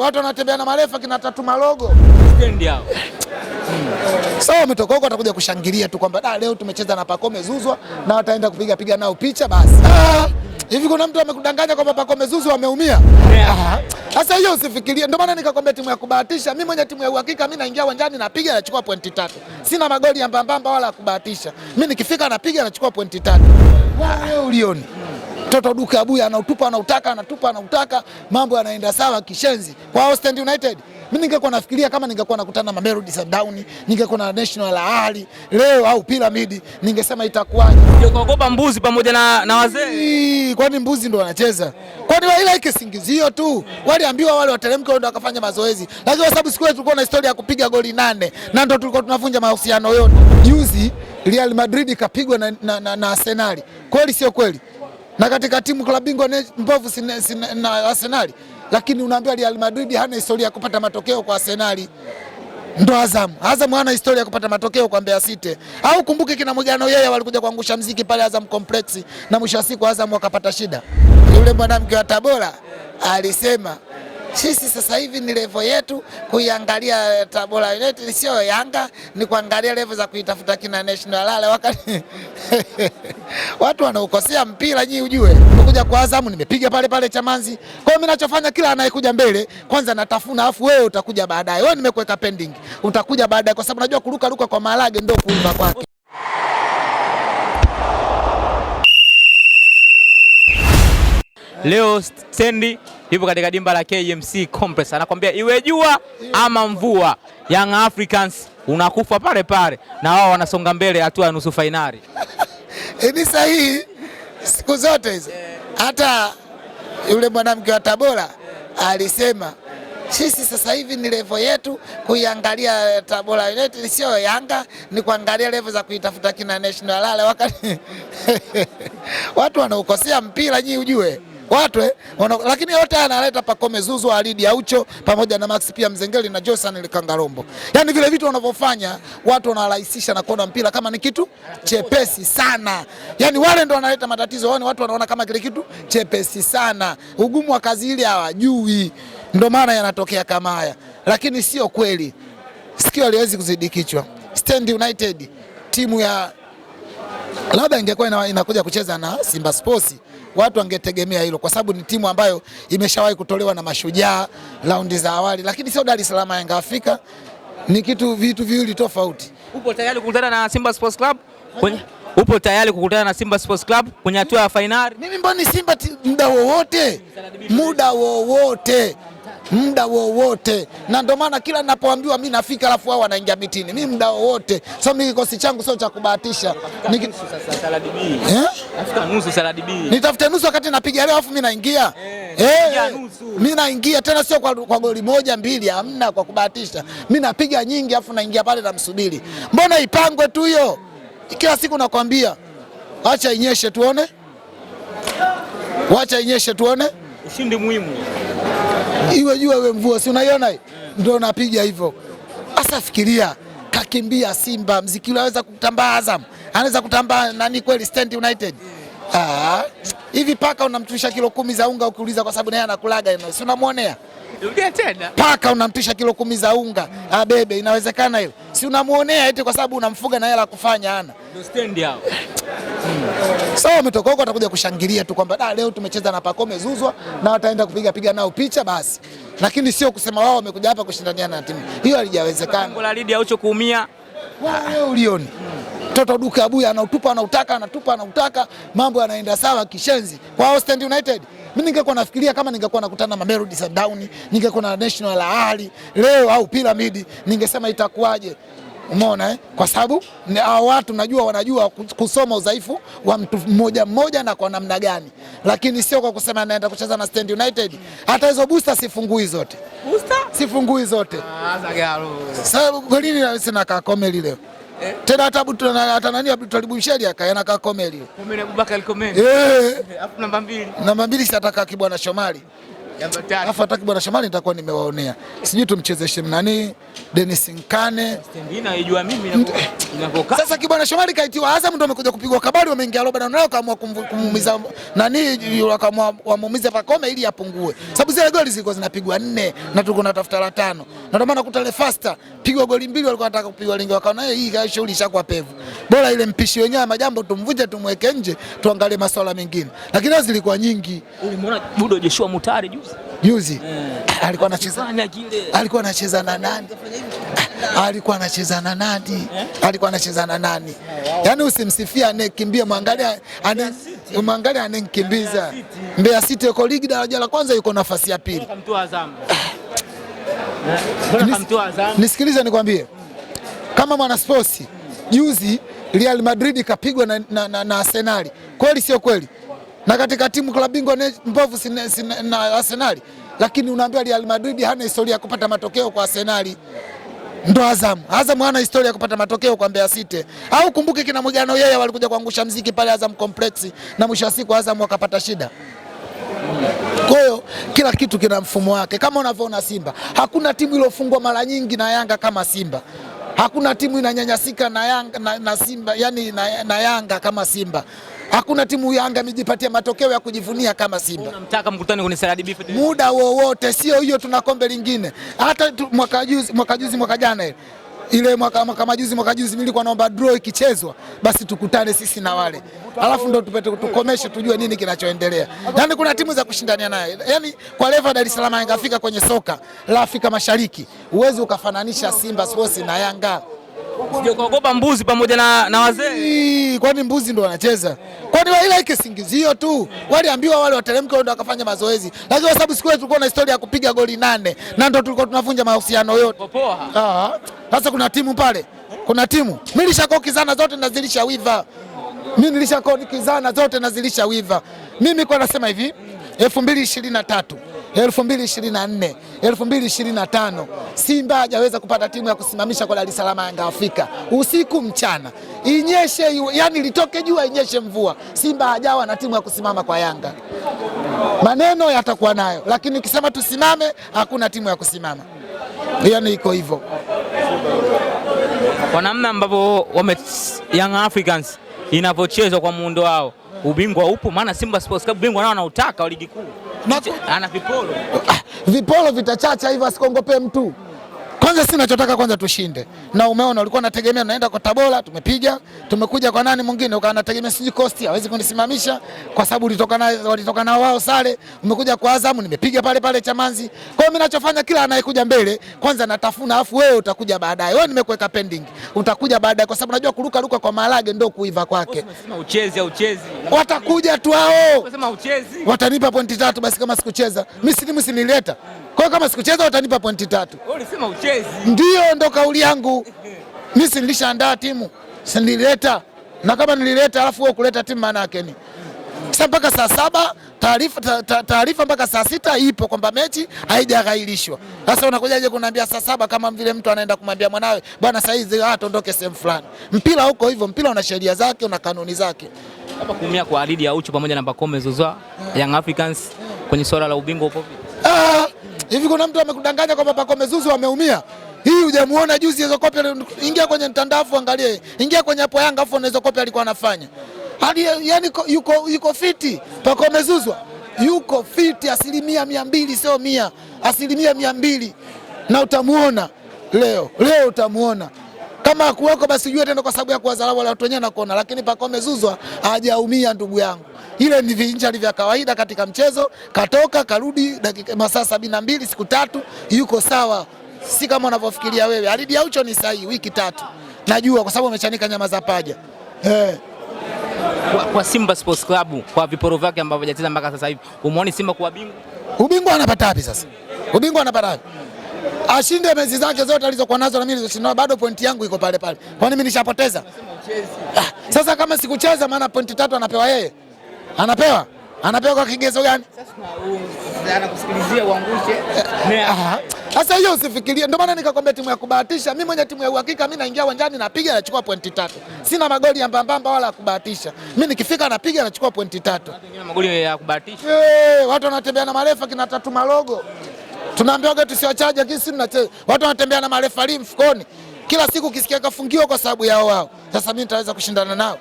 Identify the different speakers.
Speaker 1: watu wanatembea na marefa kina tatu marogo stendi yao. Hmm. wametoka huko watakuja kushangilia tu kwamba leo tumecheza na Pacome Zuzwa na wataenda kupiga piga nao picha basi. Ah, hivi kuna mtu amekudanganya kwamba Pacome Zuzwa ameumia? Ah, sasa hiyo usifikirie. Ndio maana nikakwambia timu ya kubahatisha. Mimi mwenye timu ya uhakika, mimi naingia uwanjani napiga nachukua pointi tatu. Sina magoli ya mbambamba wala ya kubahatisha. Mimi nikifika napiga nachukua pointi tatu. Wewe ulioni? mtoto duka abuya anautupa anautaka anatupa anautaka, mambo yanaenda sawa kishenzi kwa Austin United. Mimi ningekuwa nafikiria kama ningekuwa nakutana na Mamelodi Sundowns, ningekuwa na National Ahli leo au Pyramid, ningesema itakuwaje?
Speaker 2: Kuogopa mbuzi pamoja na, na
Speaker 1: wazee. Kwani mbuzi ndo wanacheza? Kwani ile kisingizio tu. Waliambiwa wale wateremke ndo wakafanya mazoezi. Lakini kwa sababu siku ile tulikuwa na historia ya kupiga goli nane na ndo tulikuwa tunavunja mahusiano yote. Juzi Real Madrid ikapigwa na, na, na, na Arsenal. Kweli sio kweli? na katika timu klabu bingwa mbovu na Arsenal, lakini unaambiwa Real Madrid hana historia ya kupata matokeo kwa Arsenal. Ndo Azam. Azam hana historia ya kupata matokeo kwa Mbeya City. Au kumbuke kina Mugano yeye walikuja kuangusha mziki pale Azam Complex na mwisho wa siku Azam wakapata shida. Yule mwanamke wa Tabora alisema sisi sasa hivi ni levo yetu kuiangalia eh, Tabora United, sio Yanga, ni kuangalia levo za kuitafuta kina National Lale wakati watu wanaokosea mpira Nyi ujue. Kuja kwa Azamu nimepiga pale pale Chamanzi. Kwa hiyo mimi ninachofanya kila anayekuja mbele kwanza natafuna, afu wewe utakuja baadaye. Wewe nimekuweka pending, utakuja baadaye, kwa sababu najua kuruka ruka kwa Malage ndio kuiva kwake.
Speaker 2: Leo stendi ipo katika dimba la KMC Complex, anakwambia iwe jua ama mvua, Young Africans unakufa pale pale, na wao wanasonga mbele hatua ya nusu fainali.
Speaker 1: Ni yaani sahihi siku zote hizo. Hata yule mwanamke wa Tabora alisema sisi sasa hivi ni levo yetu kuiangalia Tabora United, sio Yanga, ni kuangalia levo za kuitafuta kina National Lale wakati watu wanaokosea mpira, nyi ujue watu ono, lakini yote analeta Pakome Zuzu Alidi Aucho pamoja na Max pia Mzengeli na Josan Kangalombo. Yaani vile vitu wanavyofanya watu wanarahisisha na kuona mpira kama ni kitu chepesi sana. Yaani wale ndo wanaleta matatizo, wao yaani watu wanaona kama kile kitu chepesi sana. Ugumu wa kazi ile hawajui. Ndio maana yanatokea kama haya. Lakini sio kweli. Sikio aliwezi kuzidi kichwa. Stand United timu ya labda ingekuwa inakuja kucheza na Simba Sports watu wangetegemea hilo, kwa sababu ni timu ambayo imeshawahi kutolewa na mashujaa raundi za awali, lakini sio Dar es Salaam Yanga Afrika. Ni kitu vitu viwili tofauti.
Speaker 2: Upo tayari kukutana na Simba Sports Club kwenye upo tayari kukutana na Simba Sports Club kwenye hatua ya fainali?
Speaker 1: Mimi mboni Simba muda wowote, muda wowote muda wowote, na ndio maana kila ninapoambiwa mimi nafika, alafu wao wanaingia mitini, mimi muda wowote. So mimi kikosi changu sio cha kubahatisha, nitafute eh? nusu wakati napiga leo, alafu mimi naingia eh, eh. mi naingia tena, sio kwa, kwa goli moja mbili, hamna kwa kubahatisha. mi napiga nyingi, alafu naingia pale msubiri. Mbona ipangwe tu hiyo? Kila siku nakwambia, acha inyeshe tuone, wacha inyeshe tuone.
Speaker 2: Ushindi muhimu.
Speaker 1: iwe jua iwe mvua, si unaiona hii? Ndio napiga hivyo. Sasa fikiria, kakimbia Simba, mziki unaweza kutambaa Azam, anaweza kutambaa nani kweli Stand United. Ah, hivi paka unamtumisha kilo kumi za unga ukiuliza, kwa sababu naye anakulaga, si unamwonea tena paka unamtisha kilo kumi za unga abebe, ah, inawezekana hiyo? Si unamwonea eti kwa sababu unamfuga na hela kufanya ana.
Speaker 2: Ndio Stand yao.
Speaker 1: Sawa, wametoka huko atakuja kushangilia tu kwamba leo tumecheza na Pacome Zuzwa na wataenda kupiga piga nao picha basi, lakini sio kusema wao wamekuja hapa kushindaniana na timu hiyo, halijawezekana.
Speaker 2: Kula lidi aucho kuumia
Speaker 1: wewe ulioni Toto Duka Abuya anautupa anautaka anatupa anautaka, mambo yanaenda sawa kishenzi kwa Austin United. Mimi ningekuwa nafikiria kama ningekuwa nakutana na Mamelodi Sundowns, ningekuwa na National Ahli leo au Piramidi, ningesema itakuwaje? Umeona eh? Kwa sababu hao watu najua wanajua kusoma udhaifu wa mtu mmoja mmoja na kwa namna gani, lakini sio kwa kusema naenda kucheza na Stand United. Hata hizo booster sifungui zote, booster sifungui zote. Sasa ah, golini na sina kakomeli leo eh? tena hata hata nani Abdul Talibu Msheli na ka komeli.
Speaker 2: Komeli Abubakar Komeli.
Speaker 1: Eh. Afu namba 2. Namba 2 si ataka kibwana Shomali alafu hata bwana Shamali, nitakuwa nimewaonea. Sijui tumchezeshe nani Dennis Nkane. Sasa kibwana Shamali kaitiwa Azam, ndo amekuja kupigwa kabari, wameingia roba na nao kaamua kumuumiza nani, yule kaamua wamuumize Pakome ili apungue, sababu zile goli zilikuwa zinapigwa nne na tulikuwa tunatafuta la tano na ndio maana kutale faster pigwa goli mbili walikuwa wanataka kupigwa lingi, wakaona hii hii shughuli ishakuwa pevu, bora ile mpishi wenyewe majambo tumvuje tumweke nje, tuangalie masuala mengine, lakini hizo zilikuwa nyingi.
Speaker 2: Ulimuona Budo Joshua Mutari juzi
Speaker 1: juzi, eh. alikuwa anacheza alikuwa anacheza na nani? alikuwa anacheza na nani? Eh? alikuwa anacheza na nani? Ah, yaani usimsifia anayekimbia, mwangalia mwangalia anayemkimbiza Mbeya City, yuko ligi daraja la kwanza, yuko nafasi ya pili. Nisikilize nikwambie, kama mwana sports juzi Real Madrid ikapigwa na, na, na, na Arsenal. Kweli sio kweli? Na katika timu klabu bingwa mbovu na Arsenal, lakini unaambia Real Madrid hana historia ya kupata matokeo kwa Arsenal. Ndo Azam. Azam hana historia ya kupata matokeo kwa Mbeya City. Au kumbuke kina Mugano yeye walikuja kuangusha mziki pale Azam Complex na mwisho wa siku Azam wakapata shida kila kitu kina mfumo wake, kama unavyoona Simba. Hakuna timu iliyofungwa mara nyingi na Yanga kama Simba, hakuna timu inanyanyasika na Yanga, na, na Simba yani na, na Yanga kama Simba hakuna timu Yanga imejipatia matokeo ya kujivunia kama Simba.
Speaker 2: Unamtaka mkutane kwenye Salad Beef
Speaker 1: muda wowote, sio hiyo, tuna kombe lingine. Hata mwaka juzi, mwaka juzi, mwaka jana ile ile mwaka mwaka majuzi mwaka juzi mimi nilikuwa naomba draw ikichezwa basi tukutane sisi na wale, alafu ndo tupete tukomeshe, tujue nini kinachoendelea. Yani kuna timu za kushindania naye, yani kwa leva Dar es Salaam ingafika kwenye soka la Afrika Mashariki, huwezi ukafananisha Simba Sports na Yanga.
Speaker 2: Sio kuogopa mbuzi pamoja na, na
Speaker 1: wazee. Kwani mbuzi ndo wanacheza? Kwani ile singizio tu. Waliambiwa wale wateremke ndo wakafanya mazoezi. Lakini kwa sababu siku ile tulikuwa na historia ya kupiga goli nane na ndo tulikuwa tunavunja mahusiano yote. Ah. Sasa kuna timu pale. Kuna timu. Mimi nilishakokizana zote na zilisha wiva. Mimi nilishakodikizana zote na zilisha wiva. Mimi kwa nasema hivi 2023 2024, 2025 Simba hajaweza kupata timu ya kusimamisha kwa Dar es Salaam Yanga Afrika usiku mchana, inyeshe yani litoke jua inyeshe mvua, Simba hajawa na timu ya kusimama kwa Yanga. Maneno yatakuwa nayo, lakini ukisema tusimame, hakuna timu ya kusimama. Yani iko hivyo
Speaker 2: kwa namna ambavyo Young Africans inavyochezwa kwa muundo wao, ubingwa upo, maana Simba Sports Club bingwa nao wanautaka wa ligi kuu ana vipolo. Ah,
Speaker 1: vipolo vitachacha hivyo asikuongopee mtu. Kwanza sisi tunachotaka kwanza tushinde. Na umeona ulikuwa unategemea unaenda kwa Tabora tumepiga, tumekuja kwa nani mwingine ukawa unategemea siji Coast hawezi kunisimamisha kwa sababu ulitoka na walitoka na wao sare, umekuja kwa Azamu nimepiga pale pale Chamanzi. Kwa hiyo mimi ninachofanya kila anayekuja mbele kwanza natafuna afu wewe utakuja baadaye. Wewe nimekuweka pending. Utakuja baadaye kwa sababu najua kuruka ruka kwa malage ndio kuiva kwake.
Speaker 2: Unasema Uchezi au uchezi.
Speaker 1: Watakuja tu hao.
Speaker 2: Unasema uchezi.
Speaker 1: Watanipa pointi tatu basi kama sikucheza. Mimi si timu sinileta. Kwa hiyo kama sikucheza watanipa pointi tatu.
Speaker 2: Wewe ulisema uchezi.
Speaker 1: Ndio, ndo kauli yangu. Mimi si nilishaandaa timu, si nilileta. Na kama nilileta alafu wewe kuleta timu maana yake ni. Sasa mpaka saa saba taarifa taarifa mpaka saa sita ipo kwamba mechi haijaghairishwa. Sasa unakujaje kuniambia saa saba kama vile mtu anaenda kumwambia mwanawe bwana, saizi hizi atondoke ah, sehemu fulani. Mpira huko hivyo, mpira una sheria zake, una kanuni zake.
Speaker 2: Hapa kuumia kwa Adidi Aucho pamoja na Pacome Zouzoua hmm. Young Africans kwenye swala la ubingwa upo vipi?
Speaker 1: Ah, hivi kuna mtu amekudanganya kwamba pako mezuzu wameumia? Hii hujamuona juzi hizo kopi? Ingia kwenye mtandafu angalie, ingia kwenye hapo Yanga afu hizo kopi alikuwa anafanya hadi, yani yuko, yuko fiti pako mezuzwa yuko fiti asilimia mia mbili, sio mia, asilimia mia mbili, na utamuona leo leo utamuona kama hakuweko basi jua tena, kwa sababu ya kuwadharau wale watu wenyewe na kuona, lakini Pacome Zuzwa hajaumia ndugu yangu ile ni vinjali vya kawaida katika mchezo. Katoka karudi dakika masaa sabini na mbili, siku tatu, yuko sawa, si kama unavyofikiria wewe. Alidi Aucho ni sahihi, wiki tatu, najua kwa sababu umechanika nyama za paja eh.
Speaker 2: Kwa, kwa Simba Sports Club kwa viporo vyake ambavyo hajacheza mpaka sasa hivi, umeoni Simba kuwa bingwa,
Speaker 1: ubingwa anapata wapi sasa? Ubingwa anapata wapi? Ashinde mezi zake zote alizokuwa nazo na mimi nilizoshinda, bado pointi yangu iko pale pale, kwani mimi nishapoteza? Ah, sasa kama sikucheza, maana pointi tatu anapewa yeye. Anapewa anapewa kwa kigezo gani? Sasa hiyo usifikirie, ndio maana nikakwambia timu ya kubahatisha. Mimi mwenye timu ya uhakika, mimi naingia uwanjani napiga, nachukua pointi tatu. Sina magoli ya mbambamba wala ya kubahatisha. Mimi nikifika napiga, nachukua pointi tatu.
Speaker 2: Magoli ya kubahatisha
Speaker 1: hey, eh, watu wanatembea na marefa kina tatu malogo, tunaambiwaga tusiwachaje, lakini sisi tunacheza. Watu wanatembea na marefa mfukoni kila siku, ukisikia kafungiwa kwa sababu yao wao. Sasa mimi nitaweza kushindana nao?